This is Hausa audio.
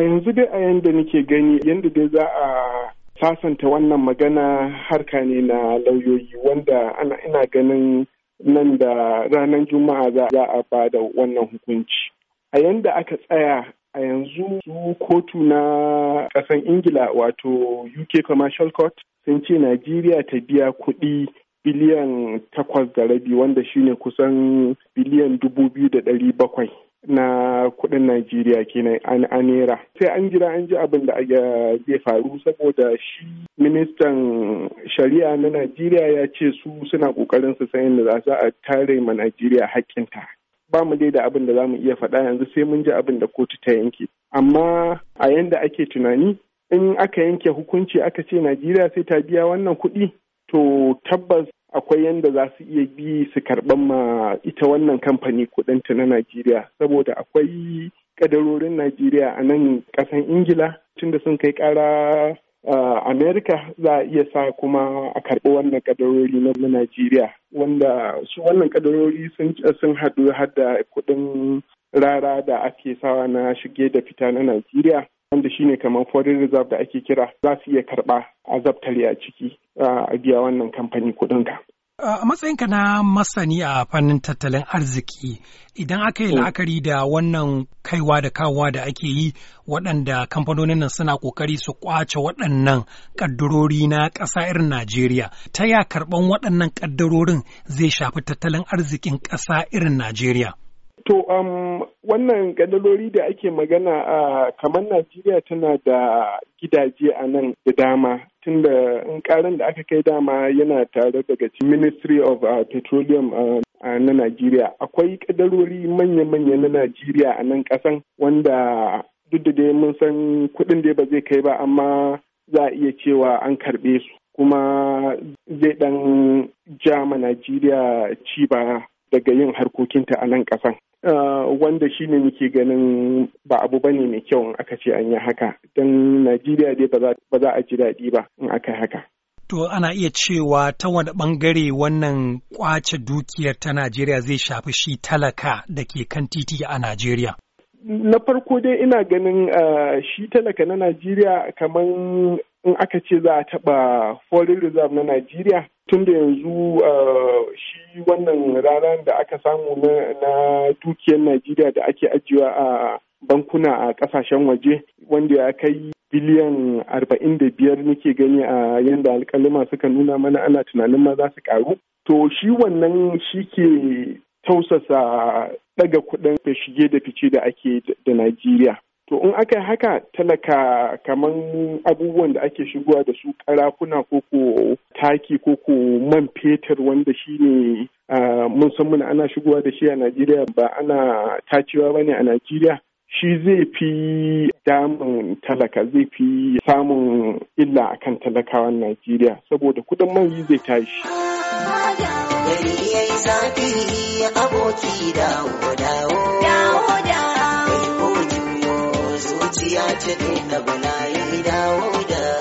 a yanzu dai a yanda nake gani yanda dai za a sasanta wannan magana harka ne na lauyoyi wanda ana ina ganin nan da ranar juma'a za a ba da wannan hukunci a yanda aka tsaya a yanzu su kotu na ƙasan ingila wato uk commercial court sun ce najeriya ta biya kuɗi biliyan takwas da rabi wanda shine kusan biliyan dubu biyu da ɗari bakwai na kudin Najeriya kenan a naira. Sai an jira an ji abin da zai faru saboda shi ministan shari'a na Najeriya ya ce su suna kokarin su san da za a tare ma Najeriya hakkinta. Ba mu dai da abin da za mu iya faɗa yanzu sai mun ji abin da kotu ta yanke. Amma a yanda ake tunani in aka yanke hukunci aka ce Najeriya sai ta biya wannan kuɗi to tabbas akwai yadda za su iya bi su karɓar ma ita wannan kamfani kuɗinta na Najeriya saboda akwai kadarorin Najeriya a nan ƙasan Ingila tunda sun kai ƙara Amerika za a iya sa kuma a karɓi wannan kadarori na Najeriya wanda su wannan kadarori sun haɗu har da kuɗin rara da ake sawa na shige da fita na Najeriya wanda shine kamar foreign reserve da ake kira za su iya karba a zabtare a ciki a biya wannan kamfani kuɗinka. A matsayinka na masani a fannin tattalin arziki idan aka yi mm. la'akari da wannan kaiwa da kawowa da ake yi waɗanda kamfanonin nan suna ƙoƙari su ƙwace waɗannan ƙaddarori na ƙasa irin Najeriya, ta ya karɓan waɗannan ƙaddarorin zai shafi tattalin arzikin ƙasa irin Najeriya? To, um, wannan kadalori da ake magana a kamar Najeriya tana da gidaje a nan da dama tun da in karin da aka kai dama yana tare daga Ministry of uh, Petroleum uh, na Najeriya. Akwai kadarori manya-manya na Najeriya a nan kasan wanda duk da dai mun san kuɗin da ba zai kai ba amma za a iya cewa an karɓe su kuma zai ɗan jama Najeriya ci ba daga yin harkokinta a nan ƙasan. Ah, wanda shi ne muke ganin ba abu ba ne mai kyau in aka ce an yi haka, don Najeriya dai ba za a ji daɗi ba in aka haka. To ana iya cewa ta wani ɓangare wannan kwace dukiyar ta Najeriya zai shafi shi talaka da ke kan titi a Najeriya. Na farko dai ina ganin ah, shi talaka na Najeriya kamar in aka ce za a taɓa foreign reserve na Najeriya tun da yanzu uh, shi wannan rana da aka samu na dukiyar najeriya da ake ajiyewa a bankuna a kasashen waje wanda ya kai biliyan arba'in da biyar muke gani a yadda alkalima suka nuna mana ana tunanin ma za su karu to shi wannan shi ke tausasa daga kudin shige da fice da ake da najeriya to in aka yi haka talaka kaman abubuwan da ake shigowa da su karafuna ko ko taki ko ko man fetur wanda shi ne mun san muna ana shigowa da shi a najeriya ba ana tacewa ba ne a najeriya shi zai fi damun talaka zai fi samun illa a kan talakawan najeriya saboda kudin yi zai tashi dawo dawo ya ce ne na bana yi dawo da